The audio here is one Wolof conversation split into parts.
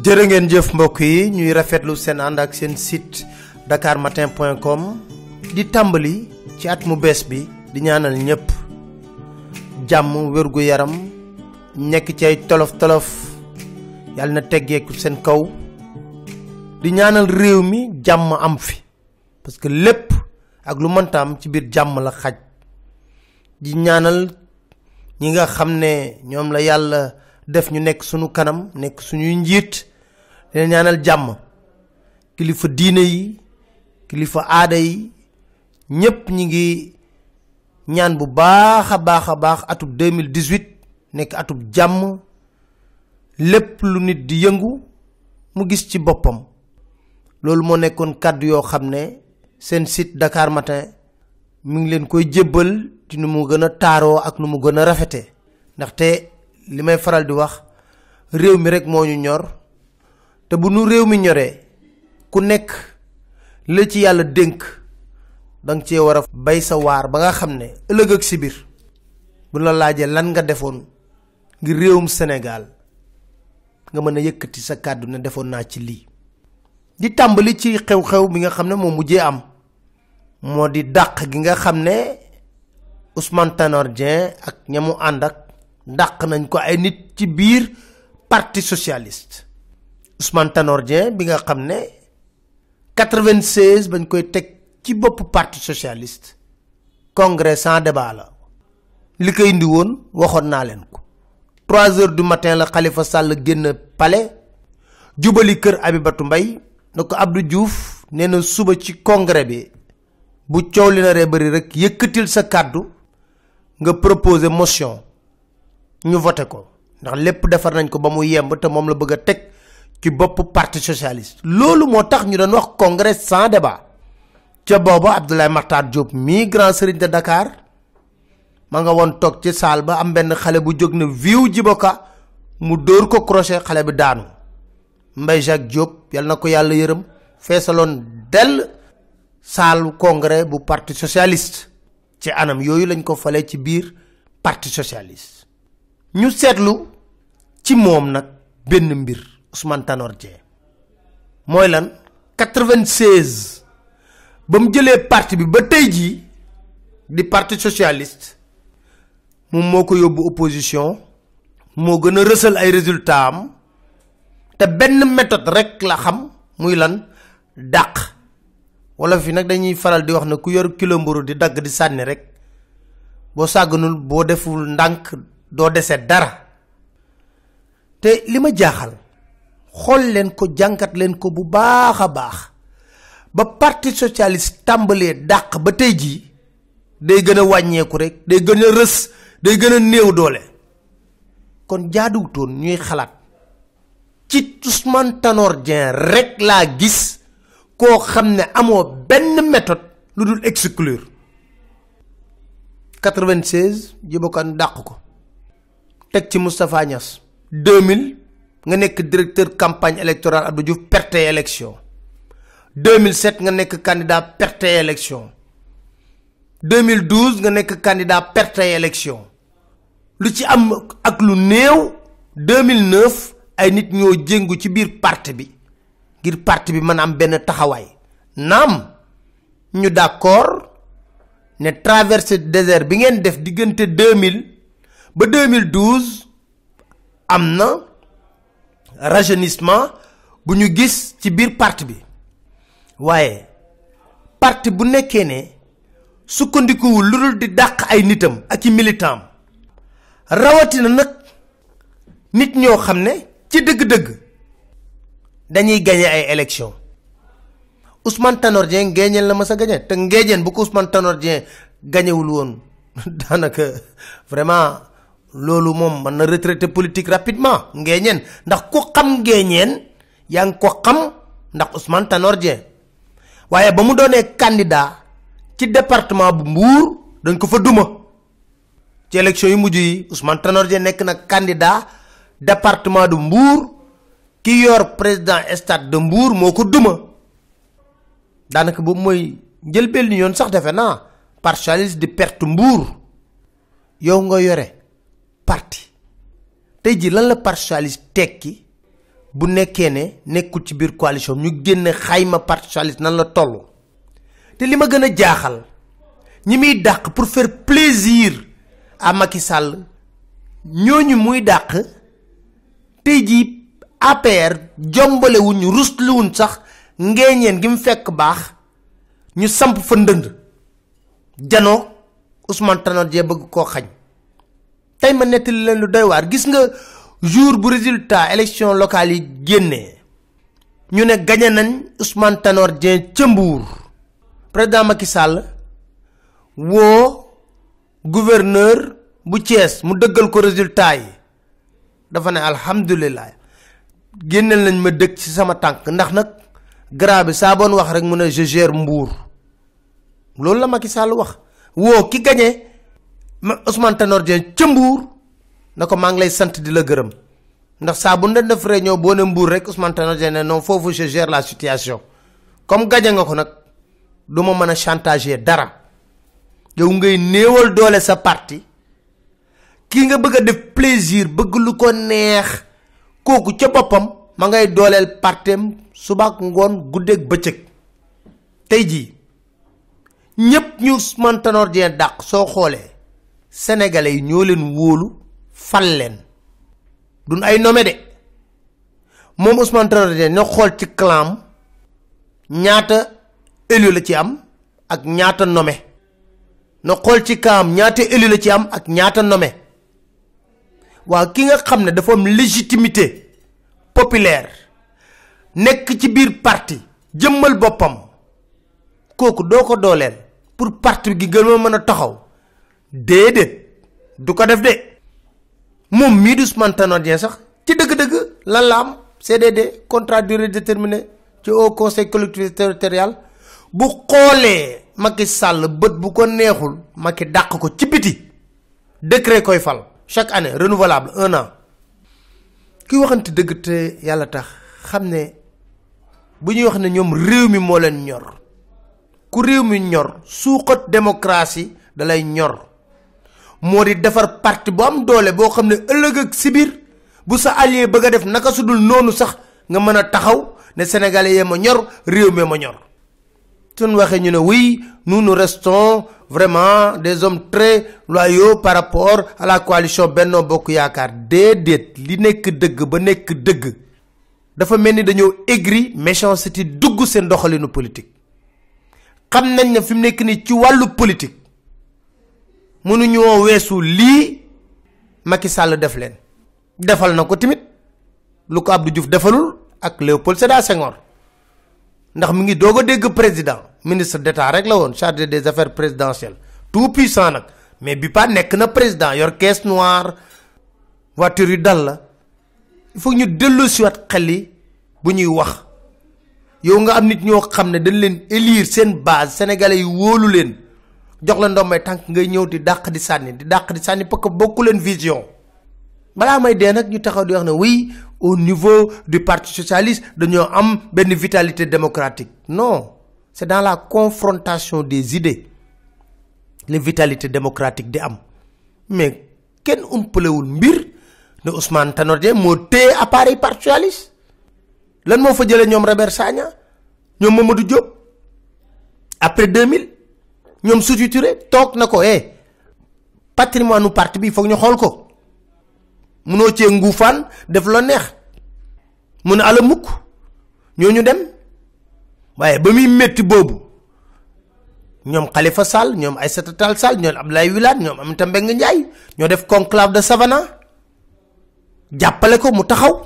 jërë ngeen jëf mbokk yi ñuy rafetlu seen ànd ak seen site dakarmatin.com di tàmbali ci at mu bees bi di ñaanal ñëpp jàmm wérgu yaram nekk ci ay tolof tolof yàlla na teggeeku seen kaw di ñaanal réew mi jàmm am fi parce que lépp ak lu mënta am ci biir jàmm la xaj di ñaanal ñi nga xam ne ñoom la yàlla def ñu nekk suñu kanam nekk suñuy njiit dina ñaanal jàmm kilifa diine yi kilifa aada yi ñépp ñi ngi ñaan bu baax a baax a baax atub 2018 nekk atub jàmm lépp lu nit di yëngu mu gis ci boppam loolu moo nekkoon kàddu yoo xam ne seen sit Dakar Matin mi ngi leen koy jébbal ci nu mu gën a taaroo ak nu mu gën a rafete ndaxte li may faral di wax réew mi rek moo ñu ñor te bu nu réew mi ñoree ku nekk la ci yàlla dénk danga cee war a bay sa waar ba nga xam ne ëllëg ak si biir bu la laajee lan nga defoon ngir réewum Sénégal nga mën a yëkkati sa kàddu ne defoon naa ci lii di tàmbali ci xew-xew bi nga xam ne moo mujjee am moo di dàq gi nga xam ne Ousmane Tanor ak ñamu ànd ak dàq nañ ko ay nit ci biir parti socialist Ousmane Tanor bi nga xam ne 96 bañ koy teg ci boppu parti socialiste congrès sans débat la li ko indi woon waxoon naa leen ko trois heures du matin la xalifa Sall génn palais jubali kër Abibatu Mbay na ko Abdou Diouf nee na suba ci congrès bi bu coow li na ree bëri rek yëkkatil sa kàddu nga proposé motion ñu vote ko ndax lépp defar nañ ko ba mu yemb te moom la bëgg a teg ci boppu partie socialiste loolu moo tax ñu doon wax congrès sans débat ca booba Abdoulaye Makhtar Diop mii grand sëriñ de Dakar ma nga woon toog ci saal ba am benn xale bu jóg ne viiw jiboka mu dóor ko crochet xale bi daanu Mbaye Jacques Diop yal na ko yàlla yërëm feesaloon dell saal congrès bu parti socialiste ci anam yooyu lañ ko falee ci biir parti socialiste ñu seetlu ci moom nag benn mbir Ousmane Tanor Dieng mooy lan 96 ba mu jëlee parti bi ba tey jii di parti socialiste moom moo ko yóbbu opposition moo gën a rësal ay résultats am te benn méthode rek la xam muy lan dàq wala fi nag dañuy faral di wax ne ku yor kilo mburu di dagg di sànni rek boo sàgganul boo deful ndànk doo desee dara te li ma jaaxal. xool leen ko jàngat leen ko bu baax a baax ba parti socialiste tàmbalee dàq ba tey jii day gën a wàññeeku rek day gën a rës day gën a néew doole kon jaaduwutoon ñuy xalaat ci Ousmane Tanor Dieng rek laa gis koo xam ne amoo benn méthode lu dul exclure 96 Djibo Kane dàq ko teg ci Moustapha Niass nga nekk directeur campagne électorale Abdou Diouf perte élection 2007 nga nekk candidat perte élection 2012 nga nekk candidat perte élection lu ci am ak lu néew 2009 ay nit ñoo jéngu ci biir parti bi ngir parti bi mën am benn taxawaay naam ñu d'accord ne traversée désert bi ngeen def diggante 2000 ba 2012 am na rajeunissement bu ñu gis ci biir parti bi waaye parti bu nekkee ne sukkandikuwul lu dul di dàq ay nitam ak i militant rawatina nag nit ñoo xam ne ci dëgg-dëgg dañuy gañe ay élection Ousmane Tanor Dieng ngéejeen la ma sa gañe te ngéejeen bu ko Ousmane Tanor Dieng gañewul woon daanaka vraiment loolu moom mën na retraité politique rapidement Nguéniène ndax ku xam Nguéniène yaa ngi ko xam ndax Ousmane Tanor waaye ba mu doonee candidat ci département bu Mbour dañ ko fa duma ci élection yu mujj yi Ousmane Tanor nekk na candidat département de Mbour ki yor président stade de Mbour moo ko duma daanaka boobu mooy njëlbeen yoon sax defe naa partialiste di perte mbuur yow nga yore. parti tey jii lan la parti socialiste tekki bu nekkee ne nekkul ci biir coalition ñu génne xayma parti socialiste nan la toll te li ma gën a jaaxal ñi muy dàq pour faire plaisir à Macky Sall ñooñu muy dàq tey jii APR jombalewuñu rusluwuñ sax ngeeñeen gi mu fekk baax ñu samp fa ndënd janoo Ousmane Tanor Dieng bëgg koo xañ tey ma nettali leen lu doy waar gis nga jour bu résultat élection locale yi génnee ñu ne gañe nañ Ousmane Tanor ca mbuur président Macky Sall woo gouverneur bu Thiès mu dëggal ko résultat yi dafa ne alhamdulilah génneel nañ ma dëkk ci sama tànk ndax nag grand bi saa wax rek mu ne je gère Mbour loolu la Macky Sall wax woo ki gañe ma Tanor Dieng ca Mbour na ko maa ngi lay sant di la gërëm ndax saa bu ne def réunion boo ne mbuur rek Ousmane Tanor Dieng ne non foofu je la situation comme gañe nga ko nag du ma mën a chantager dara yow ngay néewal doole sa parti kii nga bëgg a def plaisir bëgg lu ko neex kooku ca boppam ma ngay dooleel partem subaak ngoon guddeeg bëccëg tey jii ñépp ñu Ousmane Tanor dàq soo xoolee sénégalais yi ñoo leen wóolu fal leen duñ ay nommé de moom Ousmane Traoré na xool ci clam ñaata élu la ci am ak ñaata nommé na xool ci clam ñaata élu la ci am ak ñaata nommé waaw ki nga xam ne dafa am légitimité populaire nekk ci biir parti jëmmal boppam kooku doo ko dooleel pour parti gi gën a mën a taxaw déedéet du ko def de moom mii di Ousmane Tanor Dieng sax ci dëgg-dëgg lan la am CDD contrat durée déterminée ci au conseil collectivité territoriale bu xoolee Macky Sall bët bu ko neexul Macky dàq ko ci biti décret koy fal chaque année renouvelable un an ki waxante dëgg te yàlla tax xam ne bu ñuy wax ne ñoom réew mi moo leen ñor ku réew mi ñor suuxat démocratie da lay ñor moo di defar parti bu am doole boo xam ne ëllëg ak sibir bu sa allié bëgg a def naka su dul noonu sax nga mën a taxaw ne sénégalais yee ma ñor réew mi ma ñor suñ waxee ñu ne wuy nous nous vraiment des hommes très loyaux par rapport à la coalition Benno Bokk Yaakaar déedéet li nekk dëgg ba nekk dëgg dafa mel ni dañoo aigri méchanceté dugg seen doxalinu politique xam nañ ne fi mu nekk nii ci wàllu politique mënuñoo weesu lii Macky Sall def leen defal na ko tamit lu ko Abdou Diouf defalul ak Léopold Sédar Senghor ndax mi ngi doog a dégg président ministre d'état rek la woon chargé des affaires présidentielles tout puissant nag mais bi pas nekk na président yor caisse noire voiture yu dal la il ñu dellu siwaat xel bu ñuy wax yow nga am nit ñoo xam ne dañ leen élire seen base sénégalais yu wóolu leen jox la ndombay tànk ngay ñëw di dàq di sànni di dàq di sànni parce bokku leen vision balaa may dee nag ñu taxaw di wax na oui au niveau du parti socialiste dañoo am benn vitalité démocratique non c'est dans la confrontation des idées la vitalité démocratique di am mais kenn umpalewul mbir ne Ousmane Tanor Dieng moo téye appareil parti socialiste lan moo fa jëlee ñoom Robert Sagna ñoom Mamadou Diop après 2000 ñoom Sékou toog na ko eh patrimoine nu bi foog ñu xool ko munoo cee nguufaan def la neex mun a ala mukk ñu dem waaye ba muy metti boobu ñoom Khalifa Sall ñoom Aïssata Tall Sall ñoom Abdoulaye Wilane ñoom am Aminata Mbengue Ndiaye ñoo def conclave de Savana jàppale ko mu taxaw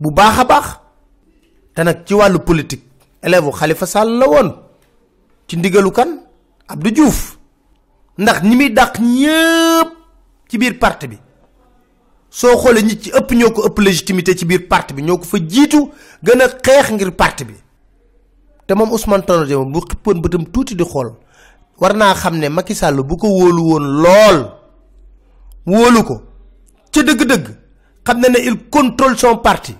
bu baax a baax te nag ci wàllu politique élève Khalifa Sall la woon ci ndigalu kan Abdou Diouf ndax ñi muy dàq ñëpp ci biir parti bi soo xoolee ñi ci ëpp ñoo ko ëpp légitimité ci biir parti bi ñoo ko fa jiitu gën a xeex ngir parti bi te moom Ousmane Tanor Dieng bu xippoon bëtam tuuti di xool war naa xam ne Macky Sall bu ko wóolu woon lool wóolu ko ca dëgg-dëgg xam na ne il contrôle son parti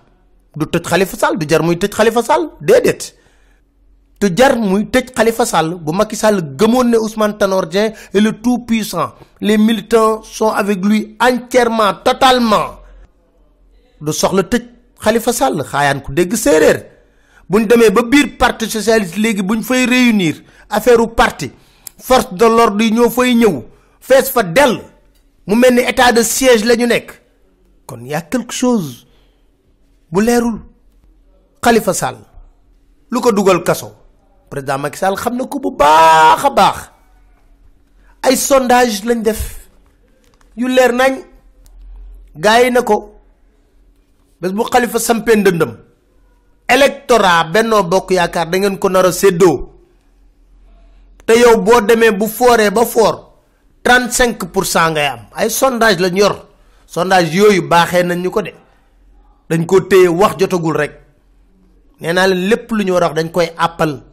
du tëj Khalifa Sall du jar muy tëj Khalifa Sall déedéet. te jar muy tëj xalifa Sall bu Macky Sall gëmoon ne Ousmane Tanor Dieng est le tout puissant les militants sont avec lui entièrement totalement du soxla tëj xalifa Sall xaayaan ku dégg séeréer buñ demee ba biir parti socialiste léegi buñ fay réunir affaire u parti force de l'ordre yi ñoo fay ñëw fees fa dell mu mel ni état de siège la ñu nekk kon y a quelque chose bu leerul Khalifa Sall lu ko dugal kaso président Macky Sall xam na ko bu baax a baax ay sondage lañ def yu leer nañ gars yi na ko bés bu xalifa sampe ndëndam électorat bennoo bokk yaakaar da ngeen ko nar a séddoo te yow boo demee bu fooree ba foor trente cinq pour cent ngay am ay sondage lañ yor sondage yooyu baaxee nañ ñu ko de dañ ko téye wax jotagul rek nee naa leen lépp lu ñu war a wax dañ koy àppal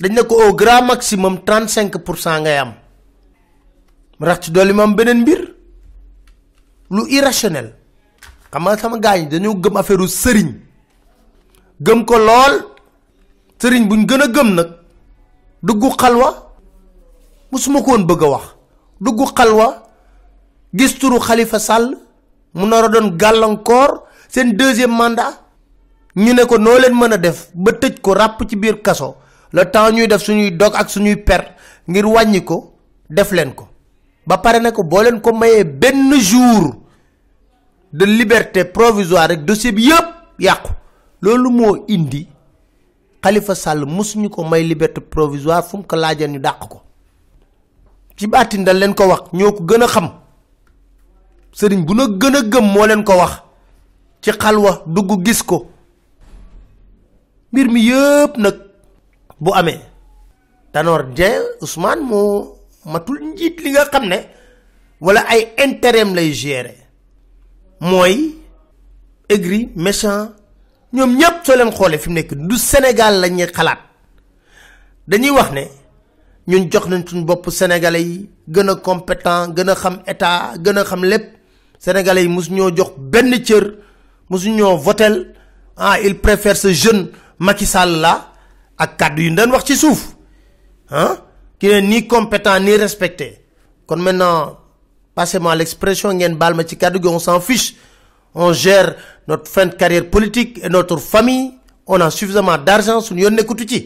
dañ ne ko au grand maximum trente cinq pour cent ngay am rax ci dolli ma beneen mbir lu irrationnel xam nga sama gars yi dañoo gëm affaire sëriñ gëm ko lool sëriñ buñ gën a gëm nag dugg xalwa musuma ko woon bëgg a wax duggu xalwa gis turu xalifa Sall mu nar a doon gàllankoor seen deuxième mandat ñu ne ko noo leen mën a def ba tëj ko ràpp ci biir kaso le temps ñuy def suñuy dog ak suñuy per ngir wàññi ko def leen ko ba pare ne ko boo leen ko mayee benn jour de liberté provisoire rek dossier bi yëpp yàqu loolu moo indi Khalifa Sall mosuñu ko may liberté provisoire fu mu ko ñu dàq ko ci baatin dañ leen ko wax ñoo ko gën a xam sëriñ bu na gën a gëm moo leen ko wax ci xalwa dugg gis ko mbir mi yëpp nag bu amee Tanor Dieng Ousmane moo matul njiit li nga xam ne wala ay intérêt lay gérer mooy aigri méchant ñoom ñëpp soo leen xoolee fi mu nekk du Sénégal la ñuy xalaat dañuy wax ne ñun jox nañ suñu bopp sénégalais yi gën a compétent gën a xam état gën a xam lépp sénégalais yi mosu ñoo jox benn cër mosu ñoo votel ah il préfère ce jeune Macky la ak kàddu yu ñu daan wax ci suuf ah qui nii ni compétent ni respecté kon maintenant passez-moi l'expression ngeen baal ma ci kàddu gi on s'en fiche on ger notre fin de carrière politique et notre famille on a suffisamment d'argent suñu yoon nekkutu ci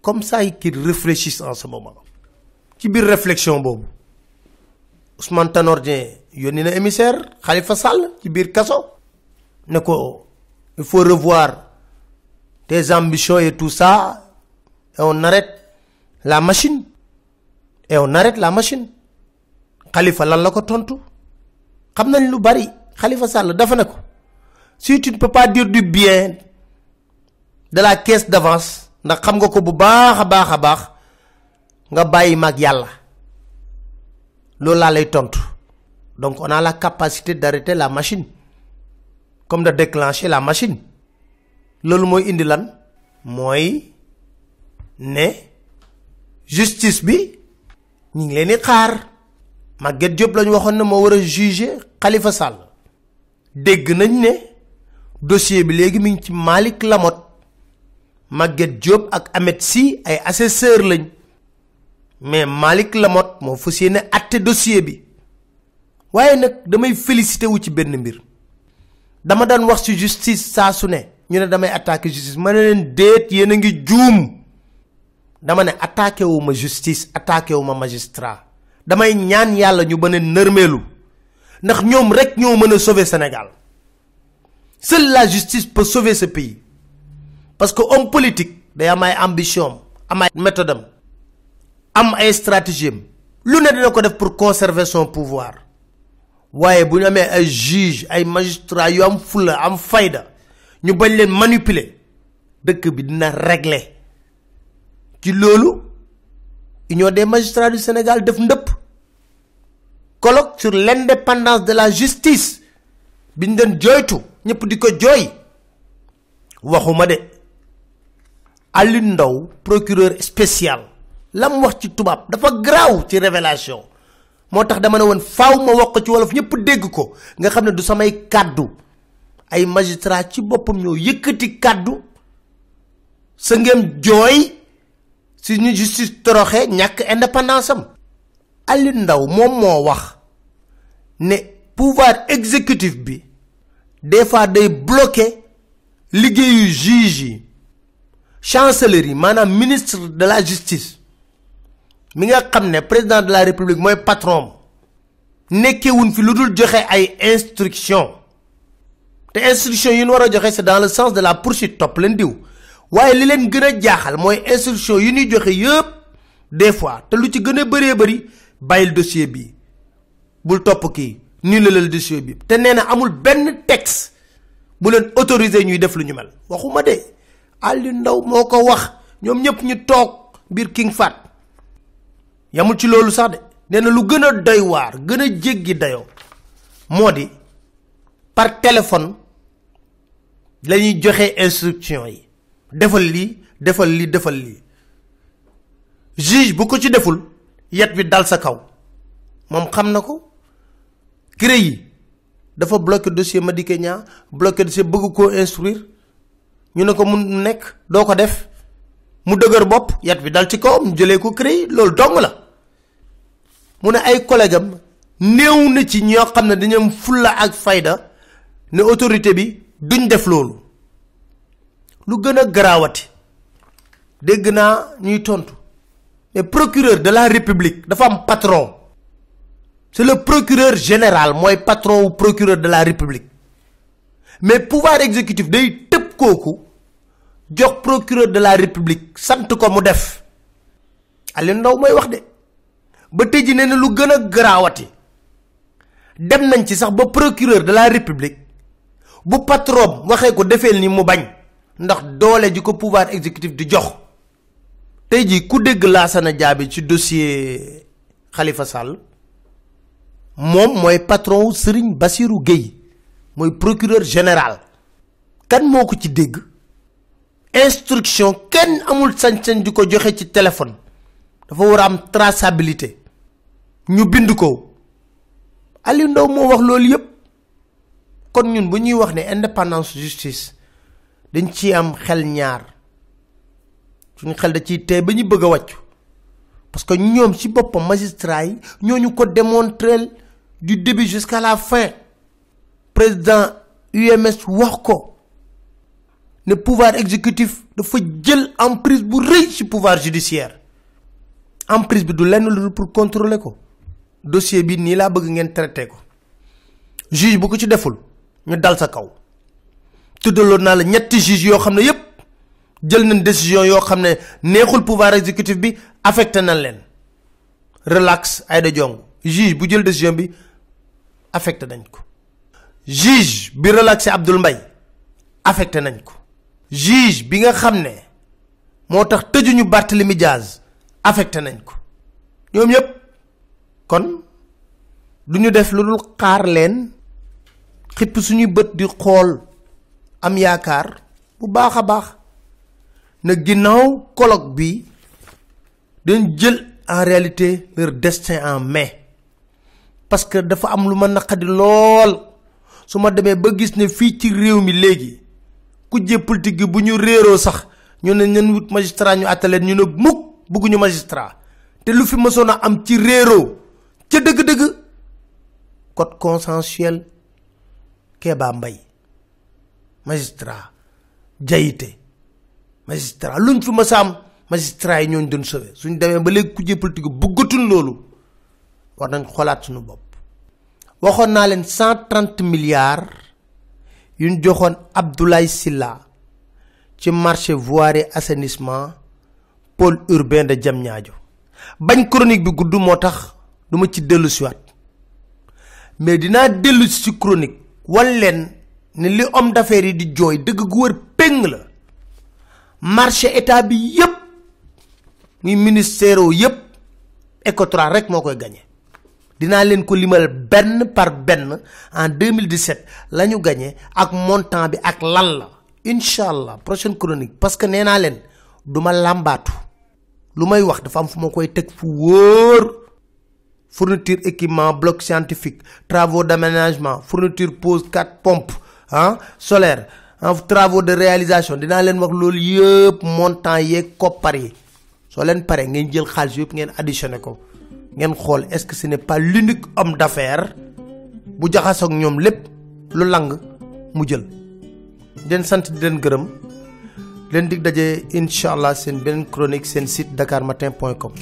comme comme ça qu'ils réfléchissent en ce moment ci biir réflexion boobu Ousmane Tanor Dieng yónni na émissaire Khalifa Sall ci biir kaso ne ko il faut revoir tes ambitions et tout ça et on la machine et on la machine xalifa lan la ko tontu xam nañ lu bari xalifa Sall dafa ne ko si tu du bien de la caisse d'avance ndax xam nga ko bu baax a baax a baax nga bàyyi mag yàlla loolu laa lay tontu donc on a la capacité d'arrêter la machine comme de déclencher la machine loolu mooy indi lan mooy ne justice bi ñu ngi leen xaar Maguette Diop lañu waxoon ne moo war a juger Khalifa Sall dégg nañ ne dossier bi léegi mi ngi ci Malick Lamotte Maguette Diop ak Ahmed si ay assesseur lañ mais Malick lamot moo fas yéene àtte dossier bi waaye nag damay félicité wu ci benn mbir dama daan wax ci justice saa su ne ñu ne damay attaque justice ma ne leen déet yéen a ngi juum dama ne attaqué wu ma justice attaqué wu ma magistrat damay ñaan yàlla ñu bën a nërmeelu ndax ñoom rek ñoo mën a sauver Sénégal seule la justice peut sauver ce pays parce que homme politique day am ay ambition am ay méthode am ay stratégie lu ne dina ko def pour conserver son pouvoir waaye bu ñu amee ay juge ay magistrat yu am fulla am fayda ñu bañ leen manipuler dëkk bi dina régler ci loolu ñoo des magistrats du Sénégal def ndëpp colloque sur l'indépendance de la justice bi ñu doon jooytu ñëpp di ko jooy waxuma de allin Ndao procureur spécial la wax ci tubaab dafa graw ci révélation moo tax dama ne woon faaw ma wax ko ci wolof ñëpp dégg ko nga xam ne du samay kàddu ay magistra ci boppam ñoo yëkkati kàddu sa ngeen jooy si ñu justice toroxe ñàkk indépendance am Alioune Ndao moom moo wax ne pouvoir exécutif bi des fois day bloqué liggéeyu juge yi chancellerie maanaam ministre de la justice mi nga xam ne président de la république mooy patron nekkewuñ fi lu dul joxe ay instruction te instruction yi nu war a joxe c'est dans le sens de la poursuite topp leen diw waaye li leen gën a jaaxal mooy instruction yu ñuy joxe yëpp des fois te lu ci gën a bëree bëri bàyyil dossier bi bul topp kii nii la lal dossier bi te nee na amul benn texte bu leen autorisé ñuy def lu ñu mel waxuma de Aliou Ndao moo ko wax ñoom ñëpp ñu toog mbir King Fahd yamul ci loolu sax de nee lu gën a doy waar gën a jéggi dayoo moo di par téléphone la ñuy joxe instruction yi defal lii defal lii defal lii juge bu ko ci deful yat bi dal sa kaw moom xam na ko CREI yi dafa bloqué dossier Madické Niang bloqué dossier bëgg koo instruire ñu ne ko mun nekk doo ko def mu dëgër bopp yat bi dal ci kawam mu jëlee ko CREI loolu dong la mu ne ay collègue am néew na ci ñoo xam ne dañu am fulla ak fayda ne autorité bi duñ def loolu lu gën a garaawati dégg naa ñuy tontu mais procureur de la république dafa am patron c'est le procureur général mooy patron wu procureur de la république mais pouvoir exécutif day tëb kooku jox procureur de la république sant ko mu def Aliou ndaw mooy wax de ba tey ji nee na lu gën a garaawati dem nañ ci sax ba procureur de la république bu patron waxee ko defee ni mu bañ ndax doole ji ko pouvoir exécutif di jox tey jii ku dégg Lassana Diaby ci dossier xalifa Sall moom mooy patron wu Serigne Bassirou Gueye mooy procureur général kan moo ko ci dégg instruction kenn amul sañ-sañ di ko joxe ci téléphone dafa war a am trasabilité ñu bind ko Aliou moo wax loolu yépp kon ñun ba ñuy wax ne indépendance justice dañ ci am xel ñaar suñu xel da ciy tey ba ñu bëgg a wàccu parce que ñoom ci boppam magistrat yi ñoo ñu ko démontrer du début jusqu'à la fin président UMS wax ko ne pouvoir exécutif dafa jël emprise bu rëy ci pouvoir judiciaire prise bi du lenn lu pour contrôler ko dossier bi nii laa bëgg ngeen traité ko juge bu ko ci deful ñu dal sa kaw tuddaloon naa la ñetti juge yoo xam ne yépp jël nañ décision yoo xam ne neexul pouvoir exécutif bi affecté nañ leen relax Aïda Ndiongue bu jël décision bi affecté nañ ko juge bi relaxé Abdoul Mbaye affecté nañ ko juge bi nga xam ne moo tax tëjuñu Barthélemy Diaz affecté nañ ko ñoom yépp kon du ñu def lu dul xaar leen xipp suñuy bët di xool am yaakaar bu baax a baax na ginnaaw colloque bi dañ jël en réalité leur destin en mais parce que dafa am lu ma naqadi lool su ma demee ba gis ne fii ci réew mi léegi ku je politique bu ñu réeroo sax ñu ne ñen wut magistrat ñu attaleen ñu ne mukk bëgguñu magistrat te lu fi mësoon a am ci réeroo ca dëgg-dëgg code consensuel baa mbay magistrat Jayite magistrat luñ fi ma a am magistrat yi ñooñu doon sauvé suñ demee ba léegi kujje politique bëggatul loolu war nañ xoolaat suñu bopp. waxoon naa leen cent trente milliards yuñ joxoon Abdoulaye Sylla ci marché voirie assainissement pôle urbain de Diamniadio bañ chronique bi gudd moo tax du ma ci dellu siwaat mais dinaa dellu si chronique wal leen ne li homme d'affaires yi di jooy dëgg gu wër péng la marché état bi yëpp muy ministère yépp Ecotra rek moo koy gañe dinaa leen ko limal benn par benn en 2017 la ñu gagné ak montant bi ak lan la incha allah prochaine chronique parce que nee naa leen du ma làmbaatu lu may wax dafa am fu ma koy teg fu wóor fourniture équipement bloc scientifique travaux d'aménagement fourniture pose quatre pompes ah solaire en de réalisation dinaa leen wax loolu yëpp montant yeeg koppar yi soo leen paree ngeen jël xaalis yëpp ngeen additionné ko ngeen xool est-ce que ce n'est pas l'unique homme d'affaires bu jaxasoo ak ñoom lépp lu lang mu jël di leen sant di leen gërëm leen dig dajee incha allah seen benn chronique seen site dakarmatin.com